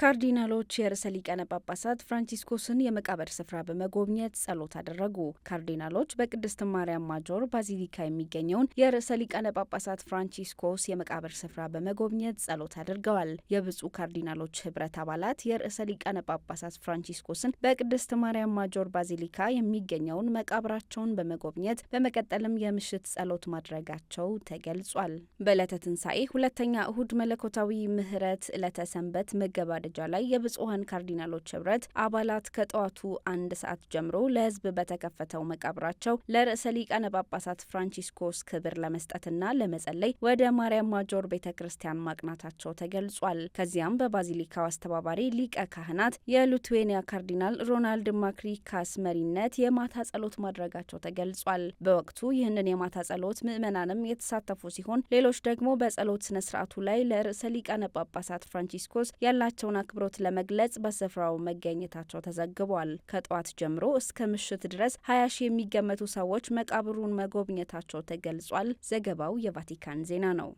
ካርዲናሎች የርዕሰ ሊቃነ ጳጳሳት ፍራንቺስኮስን የመቃብር ስፍራ በመጎብኘት ጸሎት አደረጉ። ካርዲናሎች በቅድስት ማርያም ማጆር ባዚሊካ የሚገኘውን የርዕሰ ሊቃነ ጳጳሳት ፍራንቺስኮስ የመቃብር ስፍራ በመጎብኘት ጸሎት አድርገዋል። የብፁዕ ካርዲናሎች ህብረት አባላት የርዕሰ ሊቃነ ጳጳሳት ፍራንቺስኮስን በቅድስት ማርያም ማጆር ባዚሊካ የሚገኘውን መቃብራቸውን በመጎብኘት በመቀጠልም የምሽት ጸሎት ማድረጋቸው ተገልጿል። በዕለተ ትንሣኤ ሁለተኛ እሁድ መለኮታዊ ምህረት ዕለተ ሰንበት መገባደ ደረጃ ላይ የብፁዓን ካርዲናሎች ህብረት አባላት ከጠዋቱ አንድ ሰዓት ጀምሮ ለህዝብ በተከፈተው መቃብራቸው ለርዕሰ ሊቃነ ጳጳሳት ፍራንቺስኮስ ክብር ለመስጠትና ለመጸለይ ወደ ማርያም ማጆር ቤተ ክርስቲያን ማቅናታቸው ተገልጿል። ከዚያም በባዚሊካው አስተባባሪ ሊቀ ካህናት የሉትዌኒያ ካርዲናል ሮናልድ ማክሪካስ መሪነት የማታ ጸሎት ማድረጋቸው ተገልጿል። በወቅቱ ይህንን የማታ ጸሎት ምዕመናንም የተሳተፉ ሲሆን ሌሎች ደግሞ በጸሎት ስነ ስርዓቱ ላይ ለርዕሰ ሊቃነ ጳጳሳት ፍራንቺስኮስ ያላቸውን ያላቸውን አክብሮት ለመግለጽ በስፍራው መገኘታቸው ተዘግቧል። ከጠዋት ጀምሮ እስከ ምሽት ድረስ ሀያ ሺህ የሚገመቱ ሰዎች መቃብሩን መጎብኘታቸው ተገልጿል። ዘገባው የቫቲካን ዜና ነው።